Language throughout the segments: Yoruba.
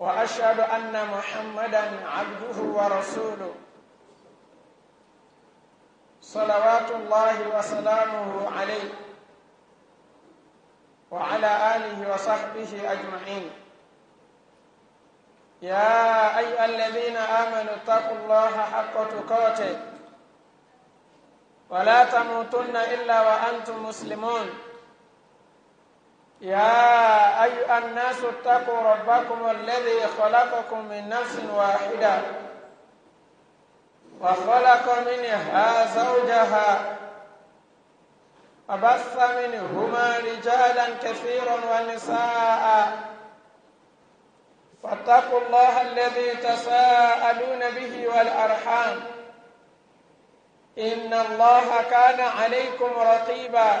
وأشهد أن محمدا عبده ورسوله صلوات الله وسلامه عليه وعلى آله وصحبه أجمعين يا أي الذين آمنوا اتقوا الله حق تقاته ولا تموتن إلا وأنتم مسلمون يا أيها الناس اتقوا ربكم الذي خلقكم من نفس واحدة وخلق منها زوجها وبث منهما رجالا كثيرا ونساء فاتقوا الله الذي تساءلون به والأرحام إن الله كان عليكم رقيباً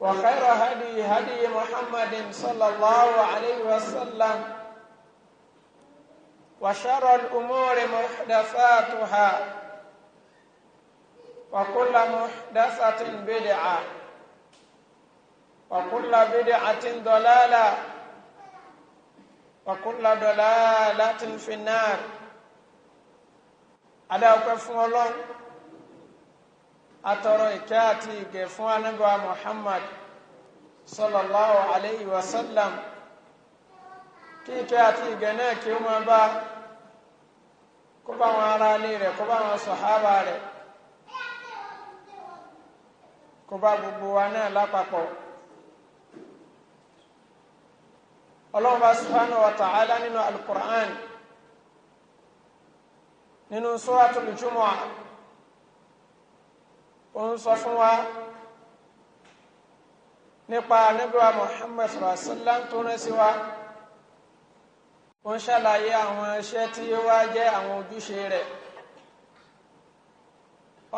وخير هدي هدي محمد صلى الله عليه وسلم وشر الأمور محدثاتها وكل محدثة بدعة وكل بدعة ضلالة وكل ضلالة في النار ألا أكفر الله atọrọ ìkẹ́ àti ìgẹ̀ fún anábíwá Muhammad sallallahu alayhi wa sallam kí ìkẹ́ àti ìgẹ̀ náà kí ó máa bá kó bá wọn ará ilé rẹ̀ kó bá wọn sọ̀hábà rẹ̀ kó gbogbo wa náà lápapọ̀ ọlọ́run bá subhanahu wa nínú alukur'an nínú suratul jumu'ah ó ń sọ fún wa nípa níbiwa Muhammad sàlásílá tó rán sí wa ó ń ṣàlàyé àwọn iṣẹ́ tí ó wá jẹ́ àwọn ojúṣe rẹ̀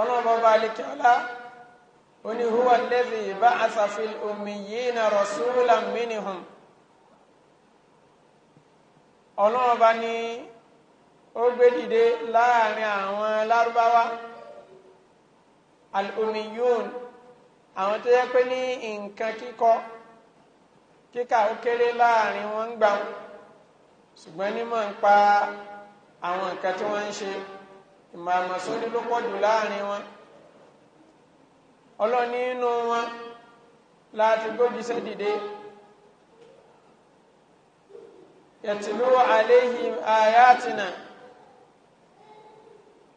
ọlọ́mọba alikẹ́ọ́lá ó ní huwa alladhi ba'atha fil ummiyina rasulan minhum ọlọ́mọba ni ó gbé dìde láàrin àwọn lárúbáwá al-umiyun àwọn tó yẹ pé ní nǹkan kíkọ kíkà ó kéré láàrin wọn ń gbà ṣùgbọ́n nímọ̀ ń pa àwọn nǹkan tí wọ́n ń ṣe ìmọ̀ àmọ̀sóní ló pọ̀ jù láàrin wọn ọlọ́ni inú wọn láti gbójúṣẹ́ dìde yẹtìlú àléhìm àyátìnà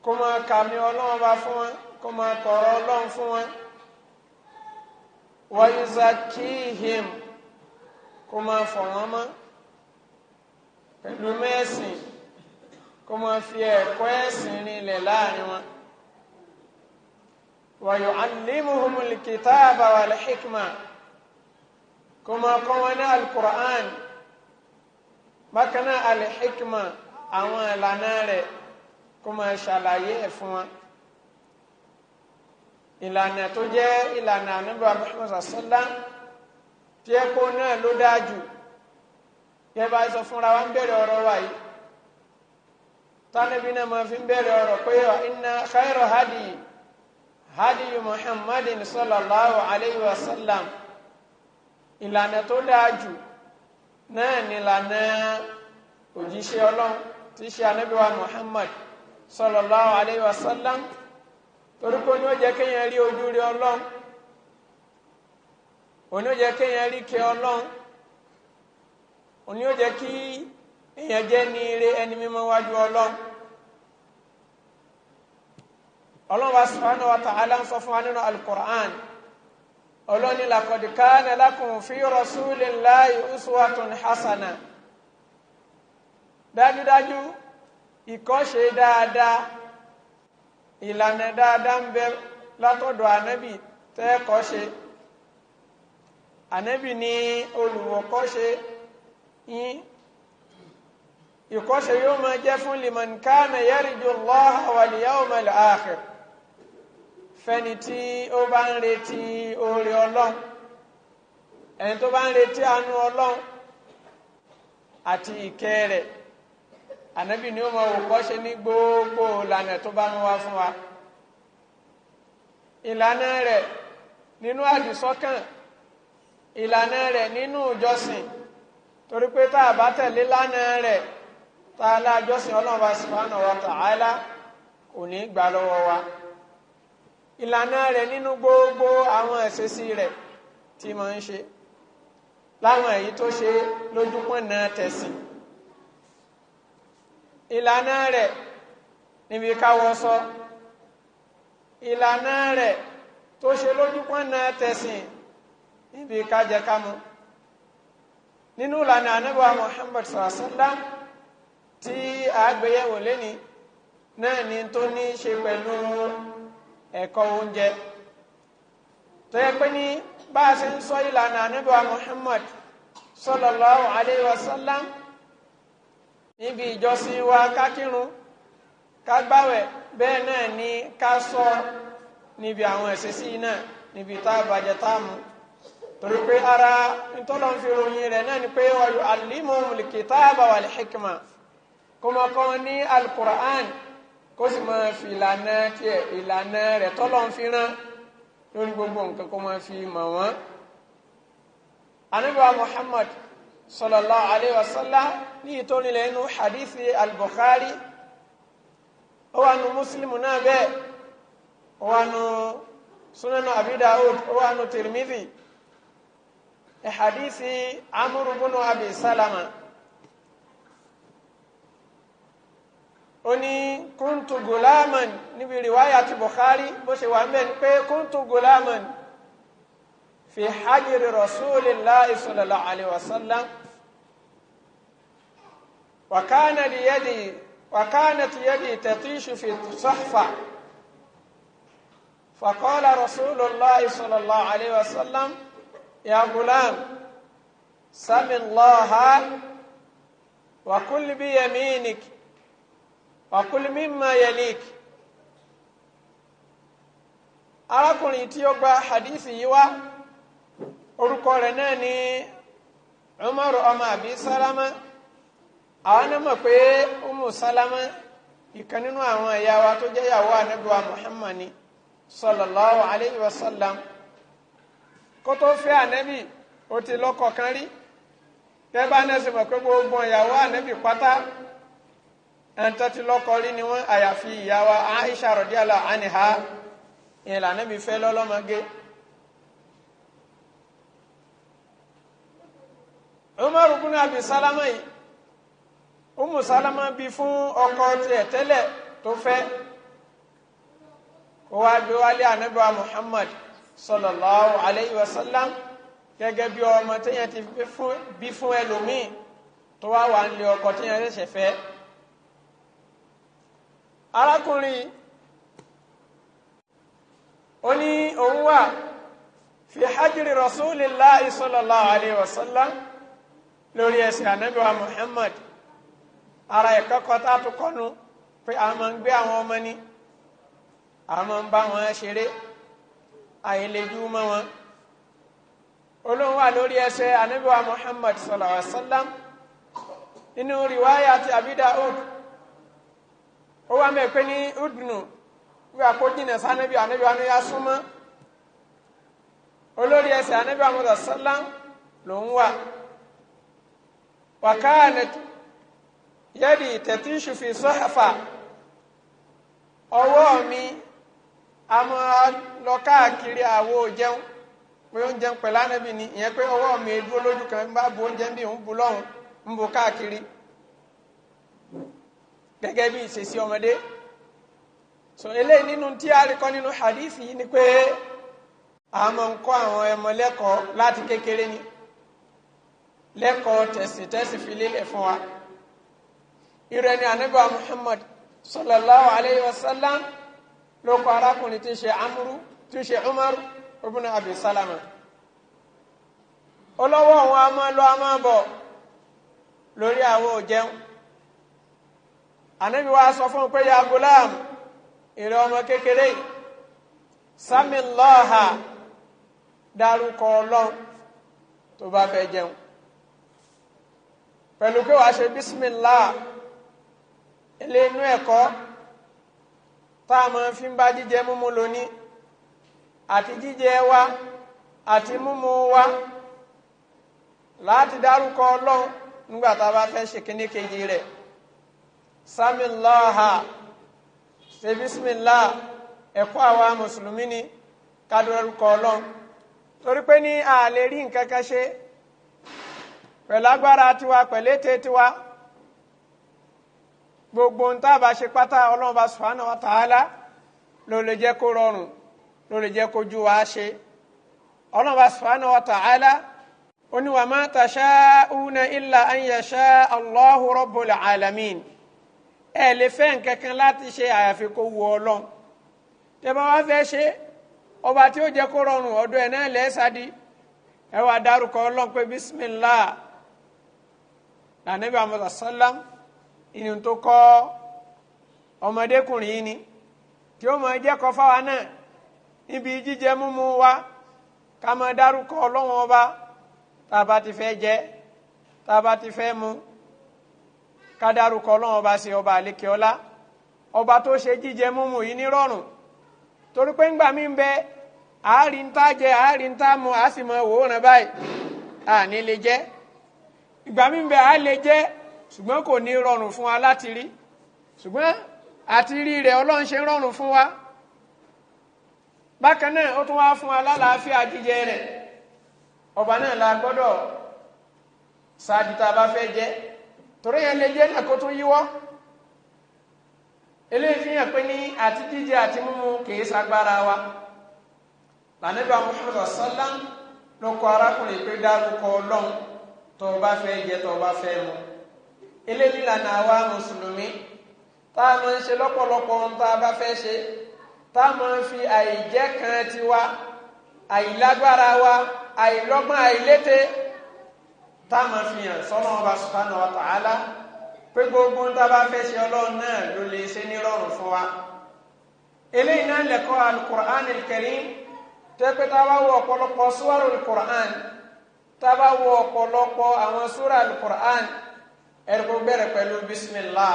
kó máa kàmí ọlọ́wọ́n bá fún wọn kó máa kọ̀rọ̀ ọlọ́run fún wọn wa yuzakihim kó máa fọ̀ wọ́n mọ́ pẹ̀lú mẹ́sìn kó máa fi ẹ̀kọ́ ẹ̀sìn rinlẹ̀ láàrin wọn wa yu'allimuhumul kitaba hikma kó máa kọ́ wọn ní alukur'an bákan náà alihikma àwọn ìlànà rẹ̀ kó máa ṣàlàyé ẹ̀ fún wọn ìlànà tó jẹ́ ìlànà ànábì Muhammad sàṣọ́lá tí ẹ kó náà ló dáa jù yẹ bá sọ fúnra wa ń bẹ̀rẹ̀ ọ̀rọ̀ wa yìí tánàbí náà máa fi ń bẹ̀rẹ̀ ọ̀rọ̀ pé wa inna khayra hadi hadi Muhammadin sallallahu alayhi wa sallam ìlànà tó dáa jù náà nílànà òjíṣẹ́ ọlọ́run tí í ṣe ànábì Muhammad sallallahu alayhi wa sallam torí pé ní ó jẹ́ kéèyàn rí ojú rí ọlọ́run òní ó jẹ́ kéèyàn rí kẹ ọlọ́run òní ó jẹ́ kí èèyàn jẹ́ ní ire ẹni mímọ́ wájú ọlọ́run ọlọ́run wa subhanahu wa ta'ala ń sọ fún wa nínú alukur'an ọlọ́run ní laqad kana lakum fi rasulillahi uswatun hasana dájúdájú ìkọ́ṣe dáadáa ìlànà dáadáa ń bẹ látọ̀dọ̀ ànábì tẹ́ẹ̀kọ́ ṣe ànábì ní olùwọ́kọ́ṣe yín ìkọ́ṣe yóò máa jẹ́ fún liman kana yarju Allah wal yawmal akhir fẹ́ni tí ó bá ń retí oore ọlọ́run ẹni tó bá ń retí àánú ọlọ́run àti ìkẹ́ rẹ̀ ànábì ni ó mọ òkọ́ ṣe ní gbogbo ìlànà tó bá ń wá fún wa ìlànà rẹ̀ nínú àdìsọ́kàn ìlànà rẹ̀ nínú ìjọsìn torí pé tá a bá tẹ̀lé lánàá rẹ̀ tá a lájọsìn ọlọ́run bá subhanahu wa ta'ala kò ní gbà lọ́wọ́ wa ìlànà rẹ̀ nínú gbogbo àwọn ẹ̀sẹ̀sí rẹ̀ tí mo ń ṣe láwọn èyí tó ṣe lójúpọ̀nà tẹ̀sìn ìlànà rẹ̀ níbi káwọ́sọ ìlànà rẹ̀ tó ṣe lójúpọ̀nà tẹ̀sìn níbi kájẹkámu nínú ìlànà anábọ̀ Muhammad sàásánlá tí àgbéyẹ̀wò lẹ́ni náà ni tó ní ṣe pẹ̀lú ẹ̀kọ́ oúnjẹ tó yẹ pé ní bá a ṣe ń sọ ìlànà anábọ̀ Muhammad sallallahu alaihi wasallam níbi ìjọsìn wa ká kírun ká gbàwẹ̀ bẹ́ẹ̀ náà ni ká sọ níbi àwọn ìṣesí náà níbi tá a bàjẹ́ tá a mú torí pé ara ntọ́lọ́n fi ròyìn rẹ̀ náà ni pé wa yu'allimuhumul kitaba wal hikma kó mọ kọ́ ní alukur'an kó sì máa fi ìlànà tiẹ̀ ìlànà rẹ̀ tọ́lọ́n fi rán lórí gbogbo nǹkan kó máa fi mọ̀ wọ́n. anábìwá Muhammad sallallahu alayhi wa sallam ní ìtòrinlẹ̀ inú hadithi al-bukhari ó wà nù muslimu náà bẹ́ẹ̀ ó wà nù sunanu abi daud ó wà nù tirmidhi hadithi amuru bunu abi salama ó ní kúntù gùlámàn níbi ríwáyà ti Bukhari bó ṣe wà mẹ́rin pé kúntù fi hajjiri rasulillahi sallallahu alaihi wasallam وكان ليدي وكانت يدي تطيش في صحفة فقال رسول الله صلى الله عليه وسلم يا غلام سم الله وكل بيمينك وكل مما يليك arákùnrin tí ó gba hadith yìí wá orúkọ rẹ̀ náà ni Umar ọmọ àbí sálámà àwọn náà mọ̀ pé umu salama ìkan nínú àwọn ẹ̀yà wa tó jẹ́yàwó ànábìwá muhammad ni sallallahu alayhi wa sallam kó tó fẹ́ ànábì ó ti lọ́kọ kan rí tẹ́bá náà sì mọ̀ pé gbogbo ìyàwó ànábì pátá ẹ̀ńtọ́ ti lọ́kọ rí ni wọ́n àyàfi ìyàwó aisha radiyallahu anha ìlànà ànábì fẹ́ lọ́lọ́mọge. umar ibn abi salama yìí Umu Salama bí fún ọkọ tiẹ̀ tẹ́lẹ̀ tó fẹ́ ó wá bí wálé ànábì wa Muhammad sallallahu alayhi wa sallam gẹ́gẹ́ bí ọmọ téèyàn ti bí fún ẹlòmíì tó wá wà nílé ọkọ téèyàn ṣẹ̀ṣẹ̀ fẹ́ arákùnrin ó ní òun wà fi hajiri rasulillahi sallallahu alayhi wa sallam lórí ẹsẹ̀ ànábì Muhammad ara ìkẹ́kọ̀ọ́ tá a tún kọ́nu pé a máa ń gbé àwọn ọmọ ní a máa ń bá wọn ṣeré àìlèjú mọ́ wọn olóhùn wà lórí ẹsẹ̀ anábíwá Muhammad sallallahu alaihi wa sallam nínú rìwáyà àti abida ud ó wá mẹ́ pé ní udnu wíwà kó jìnà sánábíwá anábíwá ní yá súnmọ́ olórí ẹsẹ̀ anábíwá Muhammad sallam ló ń wà wàkàánẹ̀tù yẹ́dì tẹ̀tíṣù fi sọ́hàfà ọwọ́ mi a máa awo káàkiri àwo jẹun pé ni ìyẹn pé ọwọ́ mi dúró lójú kan bá bu oúnjẹ bí so eléyìí ninu ti a ninu kọ́ hadith yìí ni pe a máa ń kọ́ àwọn ọmọ lẹ́kọ̀ọ́ láti kékeré ni lẹ́kọ̀ọ́ tẹ̀sìn tẹ̀sìn fi fún wa. ìrẹni ànábà Muhammad sallallahu alayhi wa sallam ló kọ arákùnrin tí ń ṣe amúrú tí ń ṣe umaru ibn abi salama olówó àwọn a máa lọ a máa bọ̀ lórí àwọn òjẹun wa sọ fún un ya gulam ìrẹ ọmọ kékeré sami lọ́ha dárúkọ ọlọ́run tó bá fẹ́ jẹun pẹ̀lú pé wàá ṣe bísímìláà eléyìí ẹ̀kọ́ tá a máa fi ń bá jíjẹ múmu lóní àti jíjẹ wa àti múmu wa láti dárúkọ ọlọ́run nígbà tá a bá fẹ́ ṣe kíní kejì rẹ̀ samilaha ṣe bisimilá ẹ̀kọ́ àwa mùsùlùmí ni ká ọlọ́run torí pé ní a rí nǹkan kan ṣe pẹ̀lágbára tiwa pẹ̀lété tiwa. tiwa gbogbo ń tábà ṣe pátá ọlọ́run bá subhanahu wa ta'ala ló lè jẹ́ kó rọrùn ló lè jẹ́ kójú wa ṣe ọlọ́run bá subhanahu wa ta'ala ó ní wa ma tasha'una illa an yasha Allahu rabbul alamin ẹ lè fẹ́ nǹkan láti ṣe àyàfi kó wu ọlọ́run tẹ́ bá wá fẹ́ ṣe ọba tí ó jẹ́ kó rọrùn ọ̀dọ̀ ẹ̀ náà lẹ́sàdí ẹ wá dárúkọ ọlọ́run pé bismillah lànàbí àmọ́ sàlám ìní tó kọ́ ọmọdékùnrin yìí ni tí ó máa jẹ́kọ́ fáwa náà níbi jíjẹ múmu wa ká máa dárúkọ ọlọ́wọ́n ọba tá a bá ti fẹ́ jẹ tá a bá ti fẹ́ mu ká dárúkọ ọlọ́wọ́n ọba sí ọba àlékè ọlá ọba tó ṣe jíjẹ múmu yìí nírọ̀rùn torí pé ńgbà mí ń bẹ àárín tá jẹ àárín tá mu àá sì mọ òwòrán báyìí àní lè jẹ ìgbà mí ń bẹ àá lè jẹ ṣùgbọ́n kò ní rọrùn fún wa láti rí ṣùgbọ́n àti rí rẹ̀ ọlọ́run ṣe rọrùn fún wa bákan náà ó tún wá fún wa lálàáfíà jíjẹ rẹ̀ ọba náà la gbọ́dọ̀ ṣáàdì tá a bá fẹ́ jẹ torí yẹn lè jẹ́ náà kó tún yíwọ́ eléyìí pé ní àti jíjẹ àti mímu kìí sagbára wa lànàbà Muhammad sallam ló kọ arákùnrin pé dárúkọ ọlọ́run tó o bá fẹ́ jẹ tó bá fẹ́ mu eléyìí lànà àwa mùsùlùmí tá a máa ń ṣe lọ́pọ̀lọpọ̀ ohun tá a bá fẹ́ ṣe tá a máa ń fi àìjẹ́ kan tiwa àìlágbára wa àìlọ́gbọ́n àìlété tá a máa fi hàn sọ́nà ọba subhanahu wa ta'ala pé gbogbo ń tá a bá fẹ́ ṣe ọlọ́run náà ló lè ṣe nírọ̀rùn fún wa eléyìí náà lẹ́kọ́ alukur'an karim tẹ́pẹ́ tá a ọ̀pọ̀lọpọ̀ súwárò alukur'an tá a bá wo ọ̀pọ̀lọpọ̀ àwọn súra alukur'an ẹ̀rùkú bẹ̀rẹ̀ pẹ̀lú bísímìlá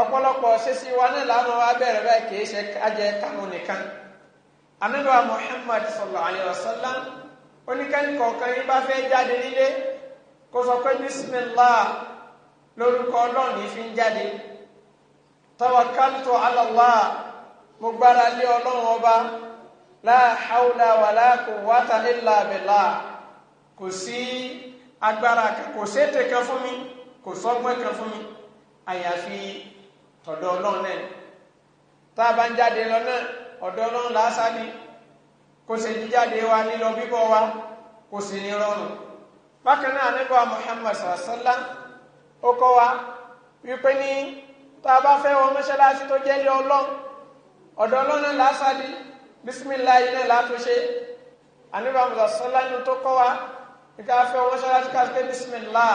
ọ̀pọ̀lọpọ̀ ṣíṣí wa náà lánàá wa bẹ̀rẹ̀ báyìí kì í ṣe ajẹ́ kánú nìkan Ànábì wa Muhammad sallallahu alayhi wa sallam oníkẹ́ni kọ̀ọ̀kan yín bá fẹ́ jáde nílé kó sọ pé bísímìlá lórúkọ ọlọ́run ní fi ń jáde tawakkaltu ala Allah mo gbára lé ọlọ́run ọba la hawla wala quwwata illa billah kò sí agbára kò sété kan fún mi kò sọ́gbọ́n kan fún mi àyàfi ọ̀dọ̀ ọlọ́run náà tá a bá ń jáde lọ náà ọ̀dọ̀ ọlọ́run lásán ni kò sì jíjáde wa lílọ bíbọ̀ wa kò sì ní rọrùn bákan náà nígbà Muhammad sàlá ó kọ́ wa wípé ní tá a bá fẹ́ wọ mọ́ṣáláṣí tó jẹ́ lé ọlọ́run ọ̀dọ̀ ọlọ́run lásán ni bísímìláì náà látúnṣe àníbàmùsà sàlá ni tó kọ́ wa níta fẹ́ wọ́n ṣáláṣí ká pé bísímìlá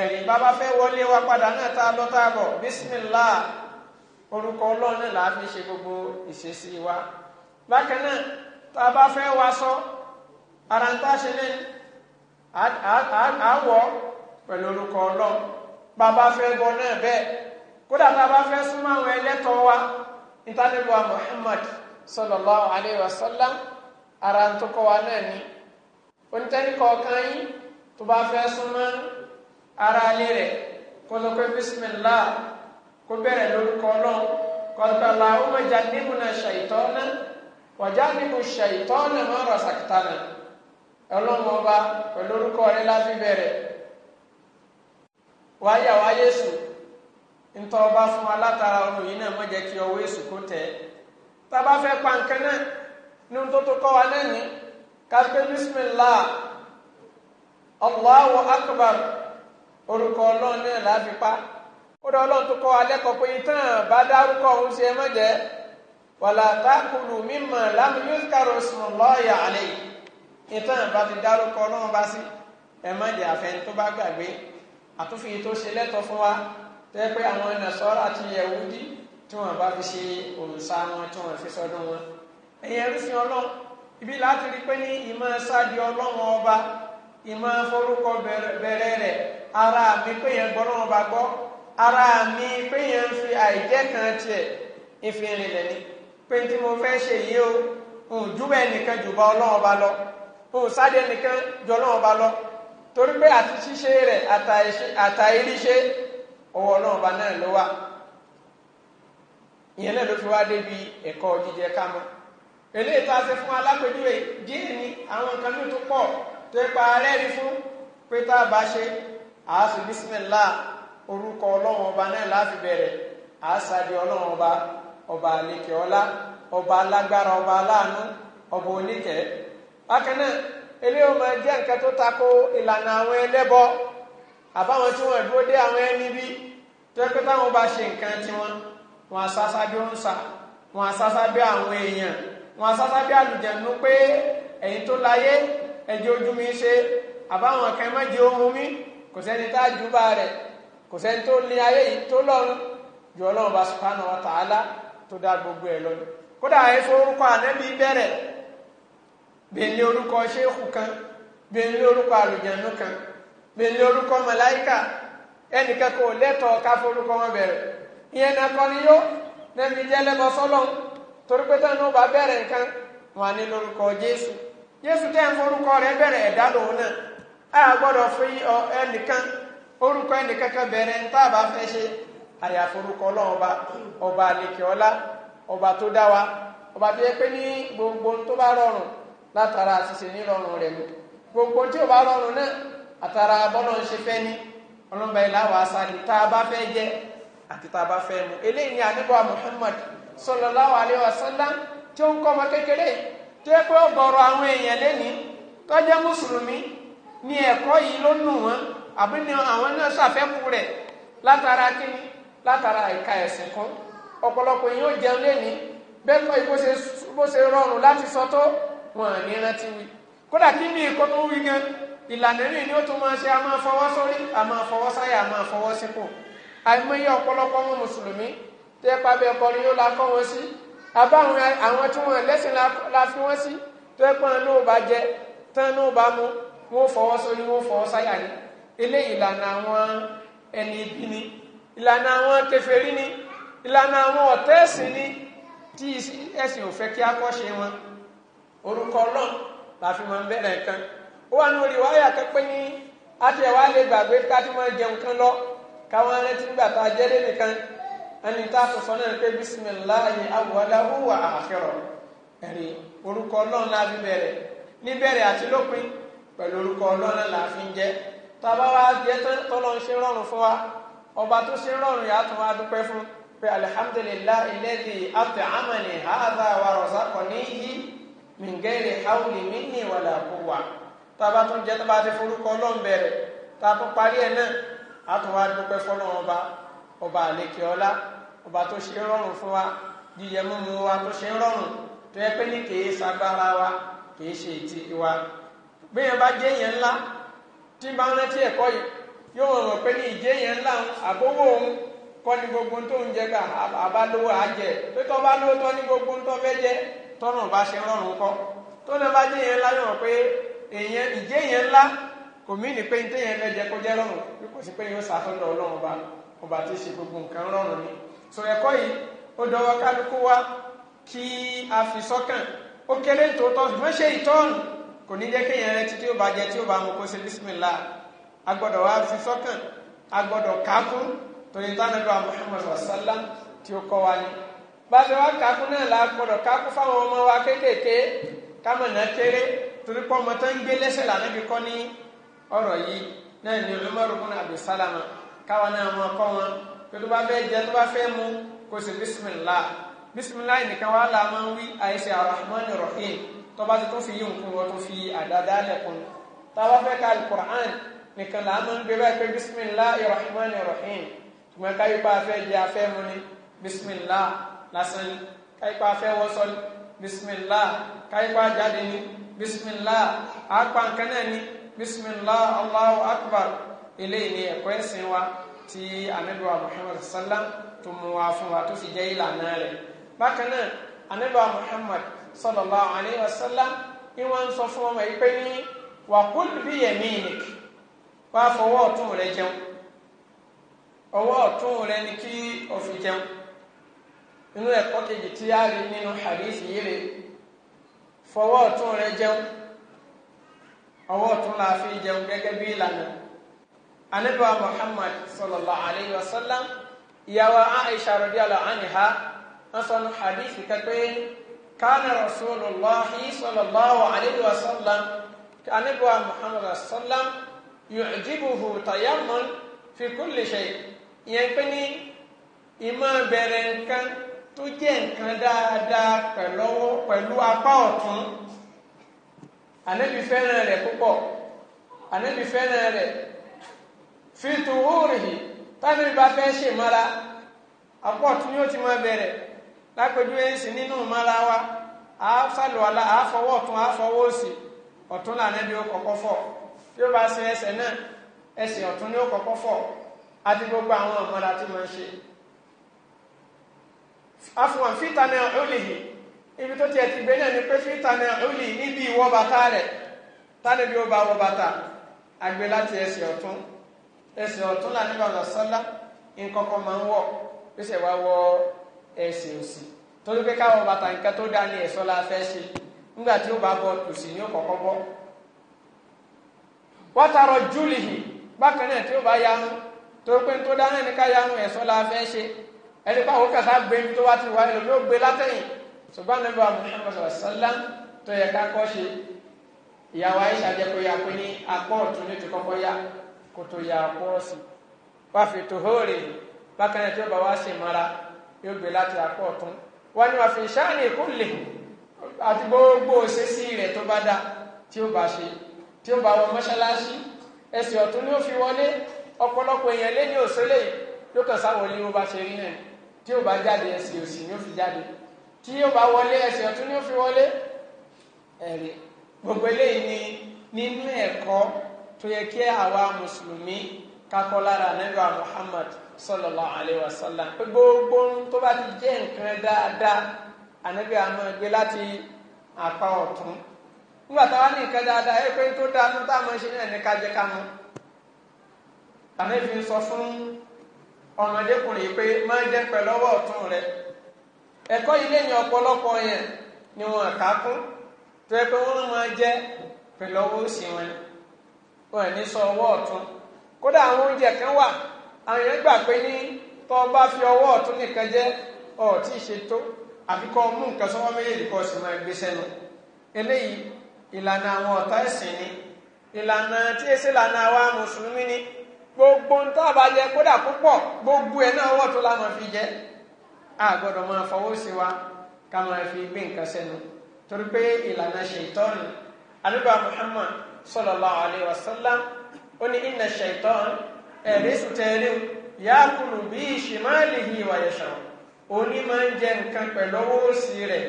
ẹ̀yìn bàbá fẹ́ wọlé wa padà náà tá a lọ tá a bọ̀ bísímìlá orúkọ ọlọ́run náà làá ṣe gbogbo ìṣesí wa bákan náà tá a bá fẹ́ wa sọ ara ń tá a ṣe lẹ́yìn orúkọ ọlọ́run bàbá fẹ́ bọ náà bẹ́ẹ̀ kódà tá a bá fẹ́ súnmọ́ àwọn ẹlẹ́tọ̀ọ́ wa ìtànẹ́lùwà Muhammad sallallahu alayhi wa sallam ara ń tó kọ́ wa náà ni onítẹ́ni kọ̀ọ̀kan yín tó bá fẹ́ súnmọ́ ara ilé rẹ̀ kó lọ pé bísímìlá kó bẹ̀rẹ̀ lórúkọ náà kọ̀ọ̀kan làwọn ọmọ ìjà nínú náà ṣàìtọ́ náà wàjá nínú ṣàìtọ́ náà máa rọ̀ sàkítà náà ọlọ́run ọba pẹ̀lú orúkọ rẹ̀ láfi bẹ̀rẹ̀ wáyà wáyé sùn ntọ́ ọba fún alátara ọrùn yìí náà má kí ọwọ́ èsù kó tẹ̀ tá a bá fẹ́ pa nǹkan náà ní ohun tó tó kọ́ wa náà ní kápẹ́ bísímìlá Allahu akbar orúkọ ọlọ́run náà láfipá ó dá ọlọ́run tó kọ́ alẹ́ kọ́ pé ìtàn bá dárúkọ òun ṣe mọ́ jẹ́ wàlá tákùlù mímọ̀ lámú yuzkaru ismullahi alayhi ìtàn bá ti dárúkọ ọlọ́run bá sí ẹ àfẹn tó bá gbàgbé àtúnfi tó ṣe lẹ́tọ̀ fún wa tẹ́ pé àwọn Nasara àti Yẹhudi tí wọ́n bá fi ṣe òrùsá wọn tí wọ́n fi sọdún wọn ẹ̀yẹ rúfin ọlọ́run ibi láti rí pé ní ìmọ̀ sáàdì ọlọ́run ọba ìmọ̀ forúkọ bẹ̀rẹ̀ rẹ̀ ara mi pé yẹn gbọ́ ọlọ́run ọba gbọ́ ara mi pé yẹn ń fi àìjẹ́ kan tiẹ̀ ìfihàn ilẹ̀ ni pé tí mo fẹ́ ṣe yìí o òun júbẹ̀ nìkan jù bá ọlọ́run ọba lọ òun sáàdì nìkan jù ọlọ́run ọba lọ torí pé àti ṣíṣe rẹ̀ àtàìríṣe ọwọ́ ọlọ́run ọba náà ló wà ìyẹn náà ló fi wá débi ẹ̀kọ́ jíjẹ ká mọ́ eléyìí tó a ṣe fún alápèjúwe díẹ̀ àwọn nǹkan mi tó pọ̀ tó ipa rẹ́ẹ̀rí fún pété tá ṣe àásù bísímìlá orúkọ ọlọ́run ọba náà bẹ̀rẹ̀ àásàdì ọba ọba àlekè ọlá ọba alágbára ọba aláàánú ọba oníkẹ́ bákan náà eléyìí máa jẹ́ nǹkan tako ìlànà àwọn ẹlẹ́bọ àbáwọn tí wọ́n dúró dé àwọn ẹni bí tó táwọn ṣe nǹkan tiwọn wọn sa wọn àwọn èèyàn wọn sábà bí àlùjẹ̀nu pé ẹ̀yin tó láyé ẹjẹ́ ojú mi ṣe àbáwọn kan má jẹ ohun mi kò sẹ́ni tá a jù bá rẹ̀ kò sẹ́ni tó ní ayé yìí tó lọ́run ju ọlọ́run bá subhanahu wa ta'ala tó dá gbogbo ẹ̀ lọ́nu kódà ẹ forúkọ ànẹ́bí bẹ̀rẹ̀ bẹ̀ẹ̀ni orúkọ ṣéèkù kan bẹ̀ẹ̀ni orúkọ àlùjẹ̀nu kan bẹ̀ẹ̀ni orúkọ màláìkà ẹnìkan kò lẹ́tọ̀ọ́ ká forúkọ wọn bẹ̀rẹ̀ ìyẹn nàkọ́ni yó nẹ́mi jẹ́ lẹ́bọ̀ sọ́lọ́run torí pé táwọn náà bá bẹ̀rẹ̀ nǹkan wọn ní lórúkọ jésù jésù tẹ́ ń forúkọ rẹ̀ bẹ̀rẹ̀ ẹ̀dá lòun náà a gbọ́dọ̀ fi ẹnìkan orúkọ ẹnìkan kan bẹ̀rẹ̀ ń tá a bá fẹ́ ṣe ọba ọba ọlá ọba tó dá wa ọba tó yẹ pé ní gbogbo tó bá rọrùn látara àṣìṣe ni tá a bá fẹ́ jẹ àti tá a bá fẹ́ mu sallallahu alaihi wasallam tí ó ń kọ́ ọmọ kékeré tó yẹ pé ọ̀gọ̀rọ̀ àwọn èèyàn lẹ́ni tó mùsùlùmí ni ẹ̀kọ́ yìí ló nù wọ́n àbí ni àwọn náà ṣàfẹ́kù rẹ̀ látara kíni látara ìka ẹ̀sìn kan ọ̀pọ̀lọpọ̀ yìí ó jẹun lẹ́ni bẹ́ẹ̀ kọ́ bó ṣe rọrùn láti sọ tó wọn ní rántí wí kódà kí ni ìkọ́ tó wí gan ìlànà rìn ni ó tún máa ṣe a máa fọwọ́ sórí a máa fọwọ́ sáyà a máa fọwọ́ sípò àìmọye ọ̀pọ̀lọpọ̀ ọmọ mùsùlùmí tẹ́pá bẹ́ẹ̀ kọrin ló la kọ́ wọn sí àbáwọn àwọn tí wọn lẹ́sìn la fi wọn sí tẹ́pá náà bá jẹ tán náà bá mú wọn fọwọ́ sórí wọn fọwọ́ sáyà ni eléyìí ìlànà àwọn ẹni ibi ni ìlànà àwọn kèfèrí ni ìlànà àwọn ọ̀tẹ́ẹ̀sìn ni tí ẹ̀sìn ò fẹ́ kí a kọ́ ṣe wọn orúkọ náà la fi máa ń bẹ̀rẹ̀ nǹkan ó wà ní orí wáyà kan pé ní àti ẹ̀wá lè gbàgbé ká ti máa jẹun kan lọ káwọn arántí nígbà tá a jẹ́ lé nìkan ẹni tá a sọ̀sọ́ náà pé bisimilahi awuadahu wa àkẹrọ ẹ̀rí orúkọ ọlọ́run la fi bẹ̀rẹ̀ níbẹ̀rẹ̀ àti lópin pẹ̀lú orúkọ ọlọ́run la fi ń jẹ́ tábà wá jẹ́ tọ́lọ́ ń ṣe rọrùn fún wa ọba tó ṣe rọrùn yàtọ̀ wá dúpẹ́ fún pé alihamdulilayi alladhi at'amani hadha wa razaqanihi min ghairi hawli minni wala quwwa tábà tó ń jẹ́ tábà ti forúkọ ọlọ́run bẹ̀rẹ̀ tábà parí ẹ̀ náà àtúwádúpẹ́ fọlọ́run ọba ọba àlekè ọlá ọba tó ṣe rọrùn fún wa jíjẹ múmu wa tó ṣe rọrùn tó yẹ pé ní kìí sagbára wa kìí ṣe ti wa bí yẹn bá jẹ́ yẹn ńlá tí bá ń rántí ẹ̀kọ́ yìí yóò rọ̀ pé ní ìjẹ́ yẹn ńlá àbówó òun kọ́ ni gbogbo tó ń jẹ gbà àbálówó àjẹ pé tó bá lówó tó ní gbogbo tó fẹ́ jẹ tọ́nà bá ṣe rọrùn kọ́ tó náà bá jẹ́ yẹn ńlá yóò rọ̀ pé èèyàn ìjẹ́ yẹn ńlá kò mí ní pé ní téèyàn fẹ́ jẹ kó jẹ́ rọrùn kò sí pé yóò sàfẹ́ ọlọ́run ọba ọba tí ì ṣe gbogbo nǹkan rọrùn ni sọ ẹ̀kọ́ yìí ó dọwọ́ kálukú wa kí a fi sọ́kàn ó kéré ṣe ìtọ́nù kò ní jẹ́ kéèyàn rẹ títí ó bá jẹ tí ó bá kó a wá fi a kákún torí tánàdọ́ tí ó kọ́ wa ni bá ṣe wá kákún náà la gbọ́dọ̀ kákún fáwọn ọmọ wa kéékèèké kámọ̀ náà kéré torí pé ọmọ tó ń gbé lẹ́sẹ̀ lànà bí kọ́ ní ọ̀rọ̀ yìí Salama náà wọn pé tó bá fẹ́ jẹ tó bá fẹ́ mu kó sì bísímìlá bísímìlá nìkan wà lá máa ń wí àìsè arahmani rahim tó bá ti tó fi yín kún wọn tó fi àdáadáa lẹ̀kún tá a bá fẹ́ ka alukur'an nìkan là á máa ń gbé báyìí pé bísímìlá irahmani rahim tùmọ̀ káyọ̀ pa afẹ́ jẹ afẹ́ mu ni bísímìlá lásán káyọ̀ pa afẹ́ wọ́sọ ni bísímìlá káyọ̀ pa jáde ni bísímìlá àápa nǹkan náà ni bísímìlá Allahu akbar eléyìí ni ẹ̀kọ́ ẹ̀sìn wa tí anabiwa muhammad sallam tó mú wá fún wa tó sì jẹ́ ìlànà rẹ̀ bákan náà anabiwa muhammad sallallahu alayhi wa sallam ni wọ́n ń sọ fún ọmọ yìí pé ní wàkúl bí yaminik wá fọwọ́ ọ̀tún rẹ jẹun ọwọ́ ọ̀tún rẹ ni kí o fi jẹun inú ẹ̀kọ́ kejì tí a rí nínú hadith yìí rè fọwọ́ ọ̀tún rẹ jẹun ọwọ́ ọ̀tún la fi jẹun gẹ́gẹ́ bí ìlànà anabiwa muhammad sallallahu alayhi wa sallam ìyàwó aisha radiyallahu anha wọ́n sọ nu hadithi kakpe kana rasulillahi sallallahu alayhi wa sallam anabiwa muhammad sallam yu'jibuhu tayammun fi kulli shay ìyẹn pé ní ìmọ̀ bẹ̀rẹ̀ nǹkan tó jẹ́ nǹkan dáadáa pẹ̀lú apá anabi fẹ́ràn rẹ̀ púpọ̀ anabi fẹ́ràn rẹ̀. Fitu òòrìhì tánàbí bá fẹ́ ṣe mara àpọ̀tún yóò ti máa bẹ̀rẹ̀ lápẹjú ẹ̀sìn nínú mara wa àásàlùwàlà àáfọwọ́ ọ̀tún àáfọwọ́ òsì ọ̀tún lànà bí ó kọ́kọ́ fọ̀ bí ó bá ṣe ẹsẹ̀ náà ẹsẹ̀ ọ̀tún ni ó kọ́kọ́ fọ̀ àti gbogbo àwọn ọ̀mọ́ra tí máa ń ṣe afuwan fitana ọlìhì ibi tó tiẹ̀ ti gbé náà ni pé fitana ọlìhì níbi ìwọ bàtà rẹ̀ tánàbí ó bá wọ bàtà àgbẹ̀ láti ẹsẹ̀ ọ̀tún ẹsẹ̀ ọ̀tún là nígbà ọ̀nà sọ́lá nkankan máa ń wọ̀ ó sì wá wọ ẹsẹ̀ òsì torí pé káwọn bàtà nǹkan tó dá ní ẹ̀sọ́ la fẹ́ ṣe nígbà tí ó bá bọ òsì ní òkọ̀kọ́ bọ́ wọ́tàrọ̀ júlìhì bákan náà tí ó bá yanu torí pé tó dá náà ní ká yanu ẹ̀sọ́ la fẹ́ ṣe ẹni pa àwọn kàtà gbé mi tó wá ti wá ẹlòmí ó gbé látẹ̀yìn ṣùgbọ́n níbi àwọn ọmọ sọ́lá tó yẹ ká kọ́ ṣe ìyàwó àyíṣà jẹ́ kó ní apọ́ ọ̀tún ní ti yá kutoyapoosi wafi tuhuri bákan náà tí ó bá wá ṣe mara yóò gbé láti apá ọ̀tún wọn ni wà fi ṣáàní ìkúlẹ̀ àti gbogbo òṣèṣì rẹ̀ tó bá dá tí ó bá ṣe tí ó bá wọ mọ́ṣáláṣí ẹsẹ̀ ọ̀tún ni ó fi wọlé ọ̀pọ̀lọpọ̀ èèyàn lé ní òṣèlè ló kàn sáwọn ní bó bá ṣe rí náà tí ó bá jáde ẹsẹ̀ òsì ni ó fi jáde tí ó bá wọlé ẹsẹ̀ ọ̀tún ni ó fi wọlé ẹ̀rí gbogbo eléyìí ni nínú ẹ̀kọ́ tó yẹ kí àwa mùsùlùmí kakọ́ lára ànábì wa Muhammad sallallahu alayhi wa sallam pé gbogbo tó bá ti jẹ́ nǹkan dáadáa ànábì wa máa akpa láti apá wani nígbà táwa ní nǹkan dáadáa ẹ pé tó dáa tó tá ṣe ní ká jẹ́ ká mọ̀ sọ fún ọmọdékùnrin pé máa jẹ́ pẹ̀lú ọwọ́ rẹ yẹn ni wọn kà kún tó yẹ wọn sọ ọwọ́ ọ̀tún kódà àwọn oúnjẹ kan wà àwọn èèyàn gbà pé ní tọ́ bá fi ọwọ́ ọ̀tún nìkan jẹ ọ tí ì ṣe tó mú nǹkan sọ́wọ́ méjèèjì gbé eléyìí ìlànà àwọn ọ̀tá ni ìlànà tí èsì ìlànà mùsùlùmí ni gbogbo ń kódà púpọ̀ gbogbo náà ọwọ́ tó fi jẹ a sallallahu alaihi wasallam onye ní inna shaitan ẹ̀rí sùtẹ́rí yakulu bí shimalihi wa yasha òní máa ń jẹ nǹkan pẹ̀lú ọwọ́ òsì rẹ̀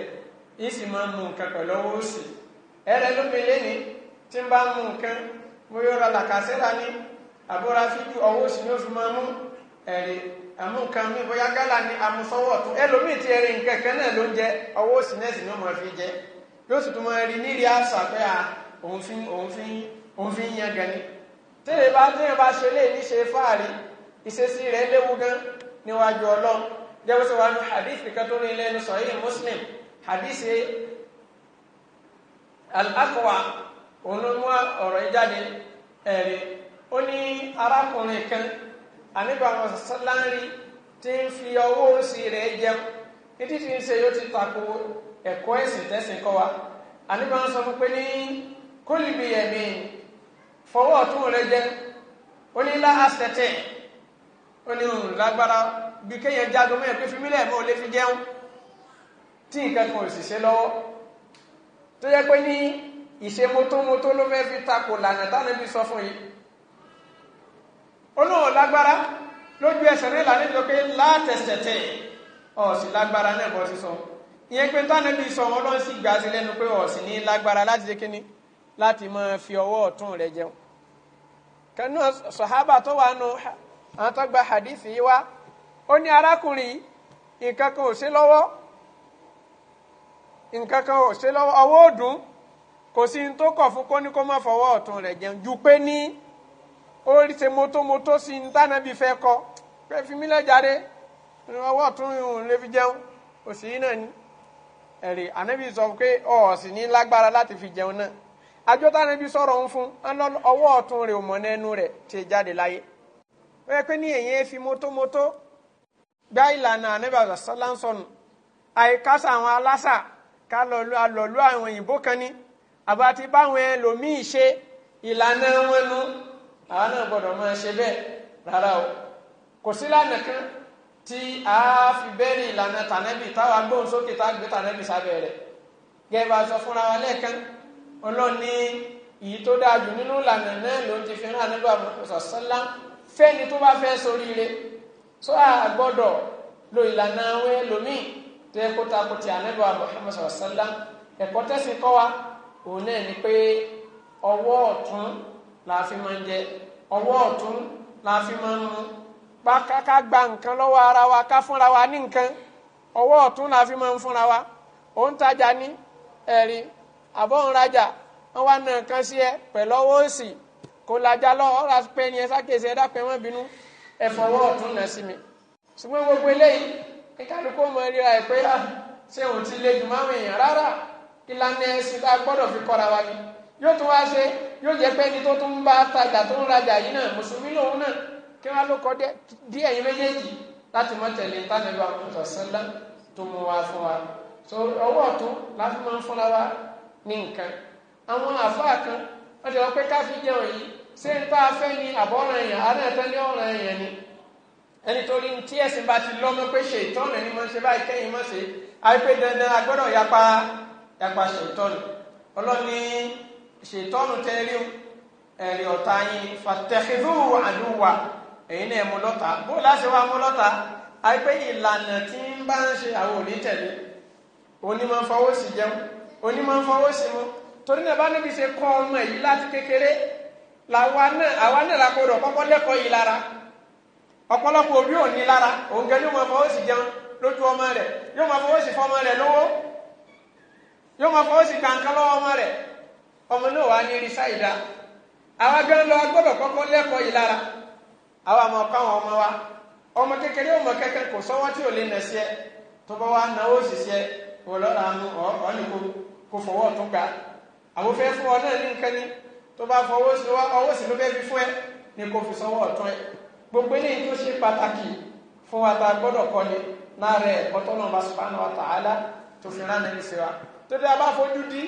yìí sì máa ń mu nǹkan pẹ̀lú ọwọ́ òsì ẹ̀rẹ́ lómi lẹ́ni tí mu fi mi ni ti ẹ̀rí nǹkan kan náà ló ń jẹ ọwọ́ òsì ni fi òun fi òun yan gan ni tẹ́lẹ̀ bá tẹ́lẹ̀ bá ṣe lé níṣe fáàrí ìṣesí rẹ̀ léwu gan níwájú ọlọ́run jẹ́ bó ṣe wà hadith kan tó ní lẹ́nu sọ̀yìn muslim hadith al-akwa òun ló mú ọ̀rọ̀ yìí jáde ẹ̀rí ó ní arákùnrin kan àníbà sọ́láńrí tí ń fi ọwọ́ òsì rẹ̀ jẹun títí tí ń ṣe yóò ti tako ẹ̀kọ́ ẹ̀sìn tẹ̀sìn kọ́ wa àníbà sọ fún pé ní kúlì bí ẹ̀mí fọwọ́ ọ̀tún rẹ jẹ́ ó ní lá àṣẹtẹ̀ ó ní òun lágbára bí kéèyàn jágo mẹ́rin pé fi mílẹ̀ mọ́ ò lè fi jẹun tí nǹkan kan ò sì ṣe lọ́wọ́ tó yẹ pé ní ìṣe mótómótó ló fẹ́ fi takò lànà tánàbí sọ fún yìí ó náà lágbára lójú ẹsẹ̀ rẹ̀ lànà ìjọ pé látẹ̀sẹ̀tẹ̀ ọ̀sìn lágbára náà bọ́ sí sọ ìyẹn pé tánàbí sọ wọn gbà sí lẹ́nu pé ọ̀sìn ní lágbára láti ṣe kínní láti máa fi ọwọ́ ọ̀tún rẹ̀ jẹun kanú sọ̀hábà tó wà nù àwọn hadithi yìí wá ó ní arákùnrin nǹkan kan ò ṣe lọ́wọ́ nǹkan kan ò ṣe lọ́wọ́ ọwọ́ òdùn kò sí ní tó kọ̀ fún kó ní kó má fọwọ́ ọ̀tún rẹ̀ jẹun ju pé ní ó rí ṣe mótómótó sí ní tànàbí fẹ́ kọ pé fi mí lẹ́jáde ọwọ́ ọ̀tún ìhùn lè fi jẹun òsì yìí náà ni ẹ̀rì ànábì sọ pé ọ̀ọ̀sì ní lágbára láti fi jẹun náà. àjọ táwọn ẹbí ń fún ọwọ́ ọ̀tún rẹ òmọ̀ nẹnu rẹ ti jáde láyé ó yẹ pé ní èyí fi mótómótó gbá ìlànà ànábàbà sọ́lánsọ̀nù àìkásà àwọn alásà ká lọ̀lú àwọn òyìnbó kan ní báwọn ẹlòmíì ṣe ìlànà wọn nu àwọn náà máa o kò sí lánàá kan tí a fi bẹ́ẹ̀rẹ̀ ìlànà tànẹ́bì tá a gbé tànẹ́bì sábẹ́ rẹ̀ gẹ́gẹ́ bá ọlọ́ni èyí tó dáa jù nínú ìlànà náà ló ń ti fi rán anábà mọ́tòsà sọ́lá fẹ́ni tó bá fẹ́ soríire tó a gbọ́dọ̀ lo ìlànà àwọn ẹlòmíì tó yẹ kó takò ti anábà mọ́tòsà sọ́lá ẹ̀kọ́ tẹ́sí kọ́ wa òun náà ni pé ọwọ́ ọ̀tún la fi máa ń jẹ ọwọ́ ọ̀tún la fi máa ń mu pákáká gba nǹkan lọ́wọ́ ara wa ká fúnra wa ní nǹkan ọwọ́ ọ̀tún la fi máa ń fúnra wa òun tajà ní ẹ̀rí àbọ̀nrajà wọ́n wá nà kan sí ẹ pẹ̀lú ọwọ́ òsì kò lajà lọ ọ̀rọ̀ pé ni ẹ sákèsí ẹ dápẹ́ wọn bínú ẹ fọwọ́ ọ̀tún nà sí mi ṣùgbọ́n gbogbo eléyìí kíkálukú mọ ríra ẹ pé ah, ṣé òun ti lé jùmọ̀ èèyàn rárá ìlànà ẹ̀sìn tá a gbọ́dọ̀ fi kọ́ra wa ni yóò tún wá ṣe yóò jẹ́ pé ẹni tó tún bá tajà tó ń rajà yìí náà mùsùlùmí lòun náà kí wọ́n á ló kọ́ díẹ̀ yín méjèèjì láti mọ tẹ̀lé tánàbí àwọn lá tó mú wa fún wa so ọwọ́ ọ̀tún láti máa ń fúnra wa ní nǹkan àwọn àfáà kan wọ́n ti wọ́n pé káfí jẹun yìí ṣé n tá a fẹ́ ni àbọ̀ràn èèyàn anáàtán ní ọ̀ràn èèyàn ni ẹni tó rí tí ẹ̀sìn bá ti lọ́mọ pé ṣe ìtọ́nà ẹni máa ń ṣe báyìí kẹ́yìn máa ṣe àìpé dandan agbọ́dọ̀ yapa yapa ṣe ìtọ́nà ọlọ́ni ṣe ìtọ́nà tẹ́rí ẹ̀rí ọ̀tá yín fàtẹ́kìdú àdúwà ẹ̀yin náà mú lọ́ta bó láṣẹ wá mú lọ́ta àìpé ìlànà tí ń bá ń ṣe àwọn òní tẹ̀lé onímọ̀ fọwọ́ sí jẹun onímọ̀ ń fọwọ́ sí mu torí náà bá níbi ṣe kọ́ ọmọ yìí láti kékeré làwa náà àwa náà la kódò kọ́kọ́ lẹ́kọ̀ọ́ yìí lára ọ̀pọ̀lọpọ̀ òbí ò ní lára òun gẹ́ yóò máa fọwọ́ sí jẹun lójú ọmọ rẹ̀ yóò máa fọwọ́ sí fọmọ rẹ̀ lówó yóò máa fọwọ́ sí lọ́wọ́ ọmọ rẹ̀ ọmọ náà wà ní àwa lọ gbọ́dọ̀ kọ́kọ́ lẹ́kọ̀ọ́ yìí lára kó fọwọ́ ọ̀tún gbà àwọn fẹ́ fún ọ náà ní nǹkan ni tó bá fọwọ́ sí ọwọ́ sí ló fẹ́ fi fún ẹ ni kò fi sọwọ́ ọ̀tún ẹ gbogbo eléyìí tó ṣe pàtàkì fún wa ta gbọ́dọ̀ kọ́ ni láàárẹ̀ ẹ̀kọ́ tọ́lọ́ bá subhanahu wa ta'ala tó fi wa tó dé abá di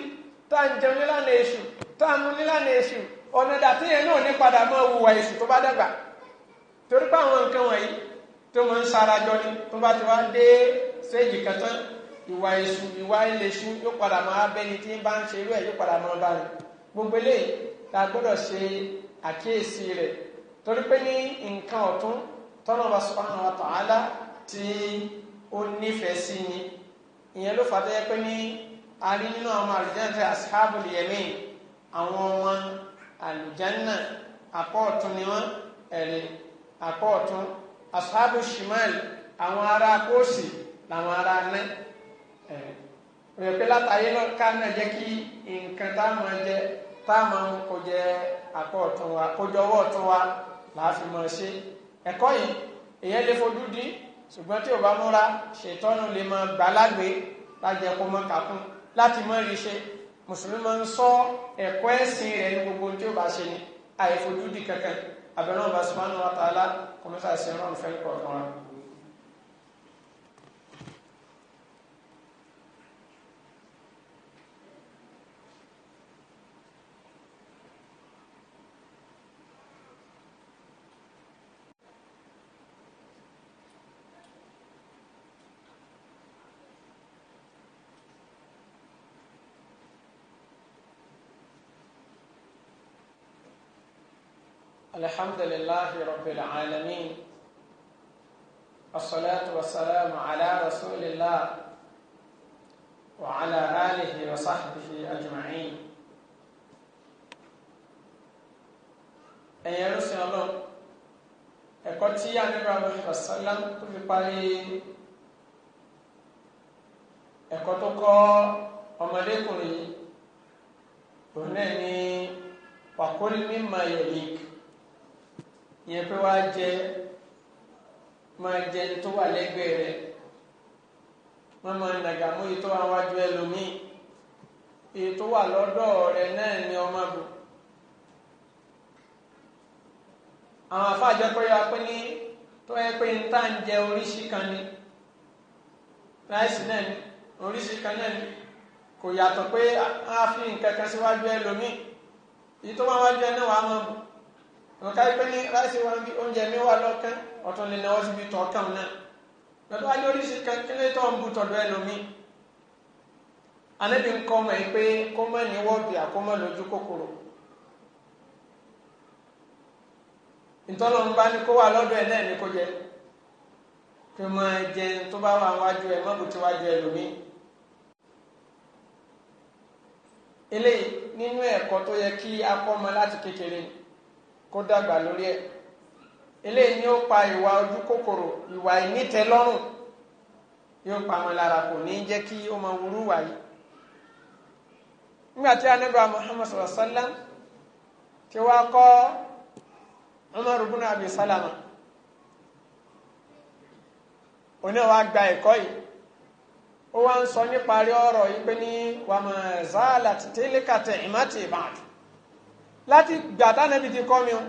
tá à ń jẹun nílànà èṣù tá à ń nílànà èṣù ọ̀nà náà ní padà mọ́ òwúwa èṣù tó bá torí pé àwọn nǹkan wọ̀nyí tó ń ìwà èṣù ìwà ìlẹ̀ṣù yóò padà máa bẹni tí ń bá ń ṣe ẹ̀ yóò padà máa bá rẹ̀ gbogbo eléyìí la gbọ́dọ̀ ṣe àkíyèsí rẹ̀ torí pé ní nǹkan ọ̀tún tọ́nà bá subhanahu wa ta'ala tí ó nífẹ̀ẹ́ sí ni ìyẹn ló fàtẹ́ yẹ pé ní a rí nínú àwọn àlùjánnà ashabul yamin àwọn ọmọ àlùjánnà apọ̀ ọ̀tún ni wọ́n ẹ̀rẹ̀ apọ̀ ọ̀tún ashabu shimal àwọn ará kóòsì làwọn ará náà òyìn pé látàyé ká náà jẹ́ kí nǹkan tá a máa jẹ tá a máa kó jẹ àpò ọ̀tún wa kó jọ ọwọ́ ọ̀tún wa làá fi máa ṣe ẹ̀kọ́ yìí èèyàn lè fojú dín ṣùgbọ́n tí ò bá múra ṣètọ́nù lè máa gbà lágbè lájẹ kó mọ́ kàkún láti mọ́ rí ṣe mùsùlùmí máa ń sọ ẹ̀kọ́ ẹ̀sìn rẹ̀ ní gbogbo tí ó bá ṣe ni àìfojú dín kankan àbẹ̀rẹ̀ ọba subhanahu wa ta'ala kọ́mọ́sà ṣe rán fẹ́ kọ̀ọ̀kan wa. الحمد لله رب العالمين الصلاة والسلام على رسول الله وعلى آله وصحبه أجمعين ẹ̀yin ẹrú sin ọlọ́run ẹ̀kọ́ tí anábà Muhammad sallam tó fi parí ẹ̀kọ́ tó kọ́ ọmọdékùnrin òun náà ní wàkúrí mímọ yẹ̀yìkì yẹn pé wá jẹ máa jẹ ní tó wà lẹ́gbẹ̀ẹ́ rẹ̀ wọ́n máa nàgà mú iye tó wà wájú ẹlòmíì iye tó wà lọ́dọ̀ rẹ̀ náà ni ọmọ bò àwọn afáàjọ pé wá pé ní tó yẹ pé ní tá à jẹ oríṣi kan ni ráìsì náà ni oríṣi kan náà ni kò yàtọ̀ pé a fi nǹkan kan síwájú ẹlòmíì èyí tó wá wájú ẹ náà wàá máa bò. no kay ko ni rasi wala bi on jami wa lo kan o to ni no wasi bi to kan na no do ayo ni sik kan kene to mbu to do e mi ane bi ko ma e pe ko ma ni wo bi akoma lo ju kokoro into lo mba ni ko wa lo do ene e ni ko je ke ma je to ba wa wa ju e ma bu ti wa je lo mi ele ninu eko to ye ki akoma lati kekere ni kó dàgbà lórí ẹ̀ eléyìí ni ó pa ìwà ojú kòkòrò ìwà ìnítẹ̀lọ́rùn yóò pa àwọn lára kò ní jẹ́ kí ó máa wúrú wáyé nígbà tí anábà Muhammad sallallahu alaihi tí wàá kọ́ Umar ibn Abi Salama oní wa gba ẹ̀kọ́ yìí ó wá ń sọ yìí pé ní zaala ìmọ̀tì ìbàdàn láti gbà tánàbí ti kọ́ mi o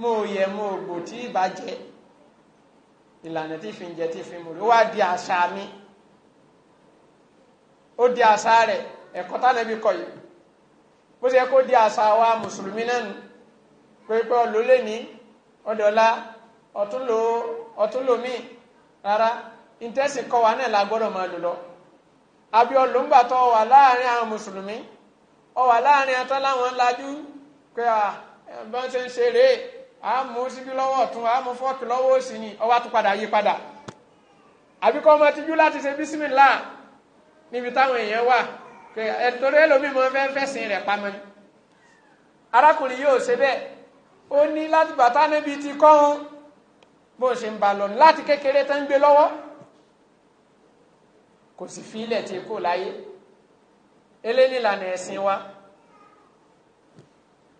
mo yẹ mo gbò tí ìbá jẹ ìlànà tí fi ń jẹ tí fi ń mú rí ó wá di àṣà mi ó di àṣà rẹ ẹ̀kọ́ tánàbí kọ yìí bó ṣe kó di àṣà wa mùsùlùmí náà nù pépé ọlọlẹ ní ọdọọlá ọtúnlò ọtúnlòmíì rárá ìtẹ́sìn kọ́ wa náà la gbọ́dọ̀ máa lò lọ àbí ọlọ́ngbà tó wà láàrin àwọn mùsùlùmí ọwà láàrin atán láwọn lajú pé à bá ń ṣe ń ṣe rèé a mú síbí lọ́wọ́ ọ̀tún a mú fọ́ọ̀kì lọ́wọ́ òsì ni ọwà tún padà yí padà àbíkọ́ ọmọ tijú láti ṣe bísímìlá níbi táwọn èèyàn wà pé ẹ̀tọ́rọ ẹlòmíì mọ́ fẹ́ fẹ̀sìn rẹ̀ pamọ́ ni arákùnrin yóò ṣe bẹ́ẹ̀ ó ní láti bàtà níbi ti kọ́hún bó ṣe ń ba lọ láti kékeré tó ń gbé lọ́wọ́ kò sì fi ilẹ̀ tí kò láyé eléyìí la n'esi wa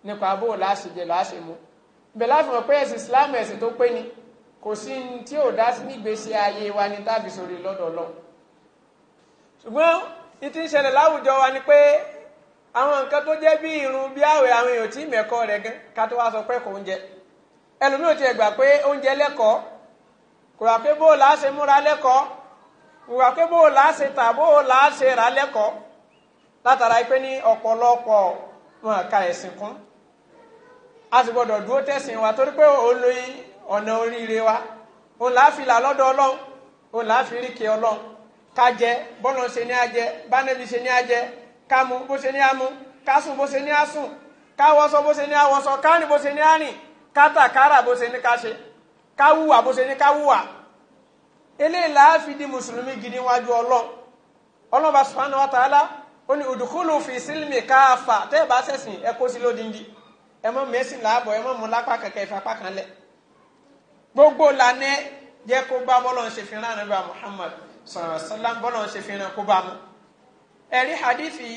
nípa abó láṣẹ jẹ láṣẹ mu bẹ́ẹ̀ láti pé ẹ̀sìn islam ẹ̀sìn tó pé ni kò sí ní tí ò dá sí nígbésí ayé wa ní tàbí sórí lọ́dọọlọ́ ṣùgbọ́n ní ti ń ṣẹlẹ̀ láwùjọ wa ni pé àwọn nǹkan tó jẹ́ bí irun bí àwẹ̀ àwọn èèyàn tí mẹ́kọ́ rẹ̀ gan ká tó wá sọ pé kò ti pé oúnjẹ lẹ́kọ̀ọ́ kò rà pé bó o láṣẹ múra lẹ́kọ̀ọ́ kò rà pé bó o tà bó o rà lẹ́kọ̀ọ́ látara pé ní ọ̀pọ̀lọpọ̀ wọn ka ẹ̀sìn kún a sì dúró tẹ̀sìn wa torí pé òun ọ̀nà oríire wa òun là á fi là lọ́dọ̀ ọlọ́run òun là á fi ọlọ́run ká jẹ bọ́lọ̀ ṣe ní ajẹ bánẹ́bí ṣe ní ajẹ ká mu bó ṣe ní amú ká sùn bó ṣe ní ká bó ṣe ní ká rìn bó ṣe ní ká tà bó ṣe ní ó udukulu udkhulu fi silimi kaafa tẹ́ ẹ bá ṣẹ̀sìn ẹ kó sí lódindi ẹ mọ́ mẹ́sìn láàbọ̀ ẹ mọ́ lápá ìfapá kan gbogbo lànà jẹ́ kó bá bọ́lọ̀ ṣe fi rán ànábì Muhammad sallallahu ṣe fi kó bá mu ẹ̀rí hadithi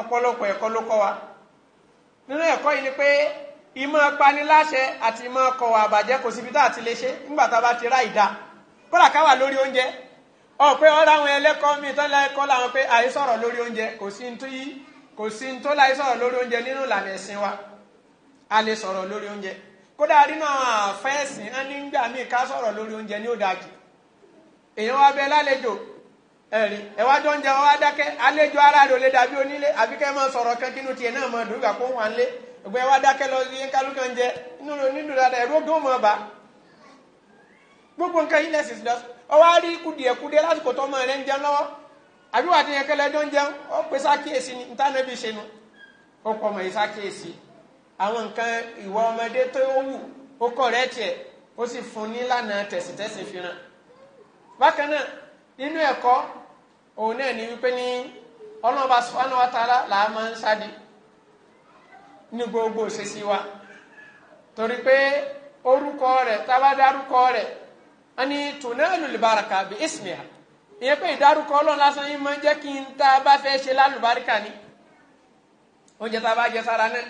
ọpọlọpọ ẹ̀kọ́ ló kọ́ wa nínú ẹ̀kọ́ yìí ni pé a bá ti ra ìdá ọ̀pẹ ọ̀rọ̀ àwọn ẹlẹ́kọ́ mi tó lẹ́kọ́ làwọn pé àìsọ̀rọ̀ lórí oúnjẹ kò sí tó yí kò sí tó láìsọ̀rọ̀ lórí oúnjẹ nínú ìlànà ẹ̀sìn wa a lè sọ̀rọ̀ lórí oúnjẹ kódà nínú àwọn àfẹ́sìn á ní gbà míì ká sọ̀rọ̀ lórí oúnjẹ ní òdàjù èèyàn wa bẹ lálejò ẹ̀rí ẹ̀wá tó ń jẹ wá dákẹ́ àlejò ara rẹ̀ ò lè dàbí onílé àbí kẹ́ máa sọ̀rọ̀ kankinu tiẹ̀ náà máa dùn kó wà nílé ẹ̀gbẹ́ wá dákẹ́ lọ sí kálukà ń jẹ nínú nínú dáadáa ẹ̀rọ gbọ́n mọ̀ bá gbogbo nǹkan yìí nẹ́sìsì lọ́sọ̀ ọwọ́ á rí kùdìẹ̀kudẹ lásìkò tó ọmọ rẹ̀ ń jẹun lọ́wọ́ àbí wà á ti ń jẹun ó pe sákìyèsí ni ntànà bí ṣe nu ó pọ̀ yìí sákìyèsí àwọn nǹkan ìwà ọmọdé tó ó wù ó kọ̀ rẹ́ tiẹ̀ ó sì fún tẹ̀sìtẹ̀sì bákan náà nínú ẹ̀kọ́ òun náà wípé ní ọlọ́ba ani tunalu libaraka bi ismiha ìyẹn pé ìdárúkọ ọlọ́run lásán yìí máa ń jẹ́ kí n tá a bá fẹ́ ṣe lálùbáríkà ni oúnjẹ tá a bá jẹ sára náà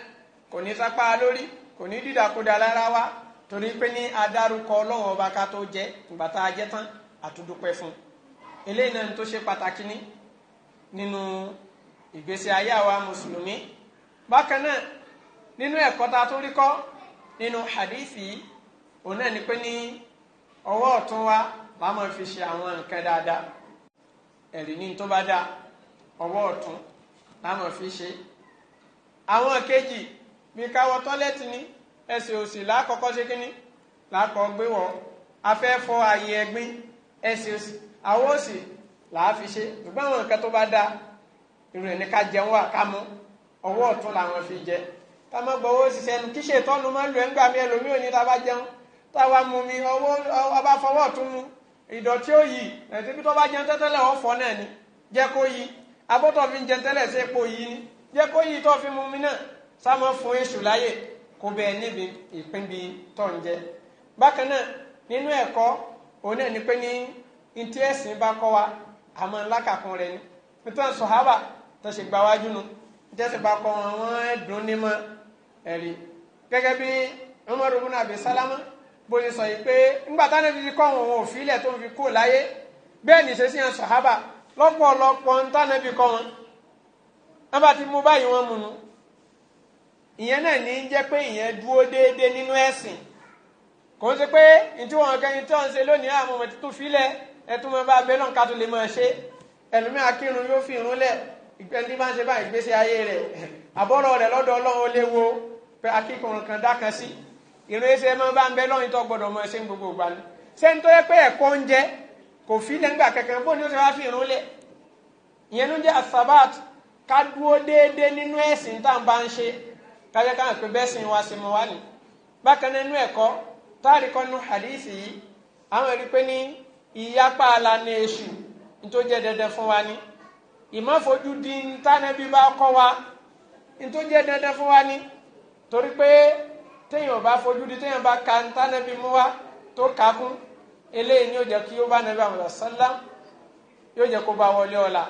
kò ní sápá lórí kò ní dídàkudà lára wa torí pé ní adárúkọ ọlọ́run ọba ká tó jẹ ìgbà tá a jẹ tán àtúndúpẹ́ fún un eléyìí náà tó ṣe pàtàkì ní nínú ìgbésí ayé àwa mùsùlùmí bákan náà nínú ẹ̀kọ́ tá tó rí kọ́ nínú hadithi òun náà ni pé ní ọwọ́ ọ̀tún wa la máa fi ṣe àwọn nǹkan dáadáa ẹ̀rí ní tó bá dáa ọwọ́ ọ̀tún la máa fi ṣe àwọn kejì bí káwọ tọ́lẹ́tì ní ẹsẹ̀ òsì lákọ̀ọ́kọ́ ṣe kínní lákọ̀ gbé wọ̀ afẹ́fọ́ ayé ẹgbín ẹsẹ̀ òsì àwọn òsì làá fi ṣe ṣùgbọ́n àwọn nǹkan tó bá dáa irun ẹni ká jẹun wà ká mú ọwọ́ ọ̀tún làwọn fi jẹ ká má gbọ́ owó ṣiṣẹ́ nu kí ṣètọ́nu má lu ẹ̀ ń gbà mí ẹlòmíì ò ní ta bá jẹun táwa mú mi ọwọ́ ọba fọwọ́ tún mú ìdọ̀tí ó yí ẹ̀sìn bí tó bá jẹun tẹ́tẹ́lẹ̀ ó náà ni jẹ́ kó yí abótọ́ fi ń jẹun tẹ́lẹ̀ sí epo yí ni jẹ́ kó yí tó fi mú mi náà sámọ́ fún èṣù láyè kó bẹ́ẹ̀ níbi ìpín bí tó ń jẹ bákan náà nínú ẹ̀kọ́ òun náà ni pé ní ntí ẹ̀sìn bá kọ́ wa àmọ́ ńlákàkún rẹ ni nítorí sọ̀hábà tó ṣe gbà wájú nu jẹ́sẹ̀ bá kọ́ wọn wọ́n dùn ní mọ́ ẹ̀rí gẹ́gẹ́ bí Umar ibn Abi Salama bó ṣe sọ yìí pé ńgbàtà náà fi kọ́ wọn wọn ò tó ń fi kú láyé bẹ́ẹ̀ ni ṣe sí yẹn sọ̀hábà lọ́pọ̀lọpọ̀ ńtà náà fi kọ́ wọn bá ti mú báyìí wọn múnú ìyẹn náà ní jẹ́ pé ìyẹn dúró déédéé nínú ẹ̀sìn kò ń ṣe pé ìtú wọn ń ṣe lónìí filẹ̀ ẹtú bá ká tó lè máa fi irun lẹ̀ bá ń ṣe báyìí gbèsè ayé rẹ̀ àbọ̀rọ̀ rẹ̀ lọ́dọ̀ ọlọ́run ó ìrún ẹsẹ máa bá ń bẹ lọ́yìn tó gbọdọ̀ mọ ẹsẹ̀ ń gbogbo gbà ní. sẹ́ni tó yẹ pé ẹ̀kọ́ ń jẹ kò fi lẹ́ngbà kankan bó ni ó ti wá fi ìrún lẹ̀ ìyẹn ló jẹ́ asabat ká dúró déédéé nínú ẹ̀sìn tá à ń bá ń ṣe kájẹ́ ká pé bẹ́ẹ̀ sìn wá sí mọ́ wá ní. bákan nínú ẹ̀kọ́ táàrí kan nu hadisi yìí àwọn ẹ̀rí pé ní ìyapa alana èṣù tó jẹ́ dandan fún wa ní ìmọ̀fojú di ntánẹ́bí bá kọ́ wa tó jẹ́ dandan fún wa ní torí pé téèyàn bá fojú di téèyàn bá ka ń tánẹ́bí mú wá tó ka kún eléyìí ni ó jẹ́ kí ó bá nàbí àwọn sálám yóò jẹ́ kó bá wọlé ọ̀la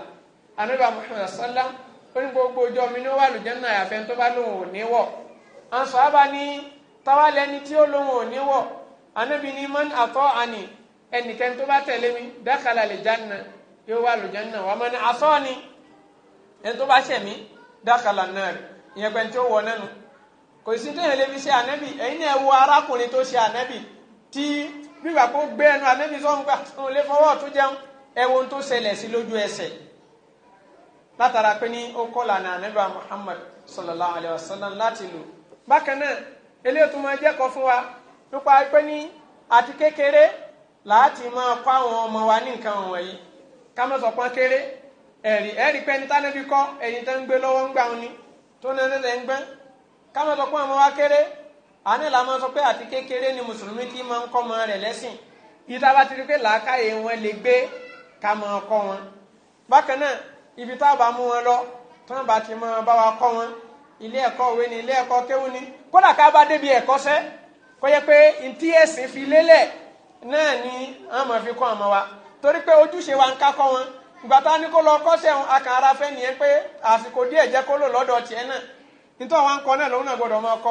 ànábì Muhammad sálám ó ní gbogbo ọjọ́ mi ní ó wà lùjẹ́ náà àyàfẹ́ tó bá lóun ò ní wọ̀ àǹsọ̀ àbá ní táwa lẹni tí ó lóun ò ní wọ̀ ànábì ní man àtọ́ àní ẹnìkan tó bá tẹ̀lé mi dákàlà lè jánà yóò wà lùjẹ́ náà wà mọ́ ni ni ẹni tó bá ṣẹ̀mí dákàlà náà ìyẹn pẹ́ ó wọ náà kò sí téèyàn lè fi ṣe ànábì ẹ̀yin náà wo arákùnrin tó ṣe ànábì tí bíbà kó gbé ẹnu ànábì sọ́hún gbà ah, òun lè fọwọ́ ọ̀tún jẹun ẹ tó ṣẹlẹ̀ sí lójú ẹsẹ̀ látara pé ní ó kọ́ lànà ànábì Muhammad sallallahu alayhi wa sallam láti lò bákan náà eléyìí tó máa jẹ́kọ̀ọ́ fún wa nípa pé ní àti kékeré láti máa kọ́ àwọn ọmọ wa ní nǹkan wọ̀nyí ká má sọ pọ́n kéré ẹ̀rí ẹ̀rí pé ẹni tánẹ́bí kọ́ ẹ̀yìn tó ń gbé lọ́wọ́ ń gbà wọn ni tó náà ń gbẹ́ káwọn sọ pé ọmọ wa kéré àní làwọn sọ pé àti kékeré ni mùsùlùmí ti máa ń kọ́ ọmọ rẹ̀ lẹ́sìn ìta bá ti rí pé làákàyè wọn lè gbé ká máa kọ́ wọn bákan náà ibi tá a bá mú wọn lọ tí wọn bá ti máa bá wa kọ́ wọn ilé ẹ̀kọ́ òwe ni ilé ẹ̀kọ́ kéwú ni kódà ká bá débi ẹ̀kọ́ sẹ́ kó yẹ pé ntí ẹ̀sìn fi lélẹ̀ náà ni wọn máa fi kọ́ ọmọ wa torí pé ojúṣe wa ń ká kọ́ wọn ìgbà tá a ní kó lọ kọ́ sẹ́hun akàrà fẹ́ nìyẹn pé àsìkò díẹ̀ jẹ́ kó lò lọ́dọ̀ tiẹ̀ náà nítorí àwọn akọ náà lòun náà gbọdọ̀ máa kọ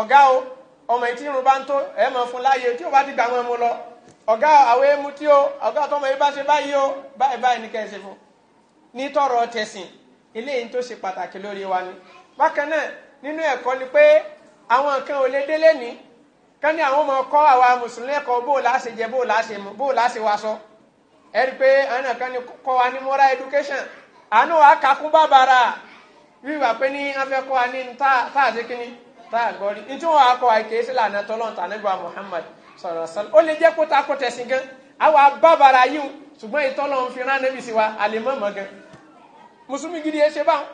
ọ̀gá o ọmọ ìtí irun bá ń tó ẹ̀ tí o bá ti gbà wọn lọ ọ̀gá àwọn emu tí o ọ̀gá àtọmọ yìí bá ṣe báyìí o báyìí báyìí ní kẹ́hìn ṣe fún tẹ̀sìn eléyìí tó ṣe pàtàkì lórí wa ni bákan náà nínú ẹ̀kọ́ ni pé àwọn nǹkan ò lè délé àwọn ọmọ àwa mùsùlùmí ẹ̀kọ́ bó wíwà pé ní afẹ́kọ́ ní ni? sí kíní táà ni? nítorí wọn akọ àìkèésí lànà tọ́lọ́n tànẹ́gbà Muhammad sọ̀rọ̀ ó lè jẹ́ kó ta kó tẹ̀sìn gan àwọn abábara yìí ṣùgbọ́n ìtọ́lọ́n fi rán níbi sí wa àlèmọ́mọ́ gan mùsùlùmí gidi ẹ ṣe báwọn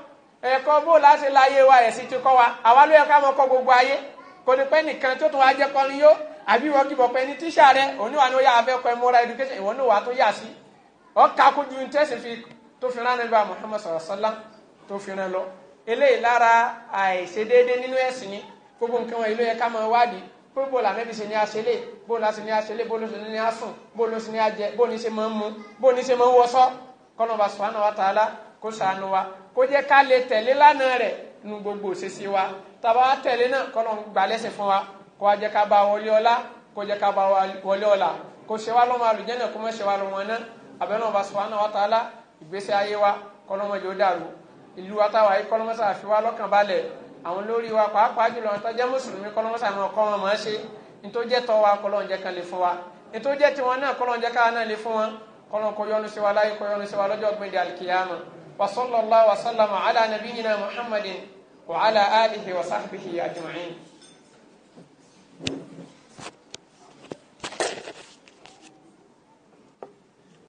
ẹ̀kọ́ bó láti láyé wa ẹ̀sìn ti kọ́ wa àwa ló yẹ ká mọ́ kọ́ gbogbo ayé kò ní pẹ́ nìkan tó tún wá jẹ́ kọrin yó àbí wọ́n kí bọ̀pẹ́ ní tíṣà rẹ òní wa ni ó yà á fẹ́ kọ́ ẹmọ́ra education ìwọ ní wà á tó yà sí ọ̀ka kó ju tẹ́sí fi tó fi rán níbi Muhammad sọ̀rọ̀ sọ́lá tó fi rán lọ eléyìí lára àìṣedéédé nínú ẹ̀sìn ni gbogbo nǹkan wọn ìlú yẹ ká máa wádìí pé bó la nẹ́bí ṣe ní aṣẹlẹ̀ bó la ṣe ní aṣẹlẹ̀ bó ló ṣe ní asùn bó ló ṣe ní ajẹ bó ní ṣe máa ń mu bó ní ṣe máa ń wọṣọ kọ́nọ̀bà subhanahu wa ta'ala kó ṣàánú wa kó jẹ́ ká lè tẹ̀lé lánàá rẹ̀ nu gbogbo òṣèṣe wa tàbá tẹ̀lé náà kọ́nọ̀ gbà lẹ́sẹ̀ fún wa kó wa jẹ́ ká bá wọlé ọlá kó jẹ́ ká bá wọlé ọlá kó ṣe wá lọ́mọ àlùjẹ́nà kó mọ̀ ṣe wá lọ́mọ náà àbẹ̀lọ́mọba subhanahu wa ta'ala ìgbésí ayé wa kọ́nọ̀ mọ̀jọ́ dàrú ìlú atáwa yìí kọ́lọ́mọ́sá fi wá lọ́kàn balẹ̀ àwọn lórí wa pàápàá jùlọ àwọn tó jẹ́ mùsùlùmí kọ́lọ́mọ́sá máa kọ́ wọn máa ṣe nítòjẹ́ tọ́ wa kọ́lọ́njẹ́ kan lè fún wa nítòjẹ́ tiwọn náà kọ́lọ́njẹ́ káwa náà lè fún wọn kọ́lọ́n kó yọ́nú sí wa láyé kó yọ́nú sí wa lọ́jọ́ gbẹ̀dẹ̀ alikiyama wa sallallahu wa sallama ala nabiyina muhammadin wa ala alihi wa sahbihi ajma'in.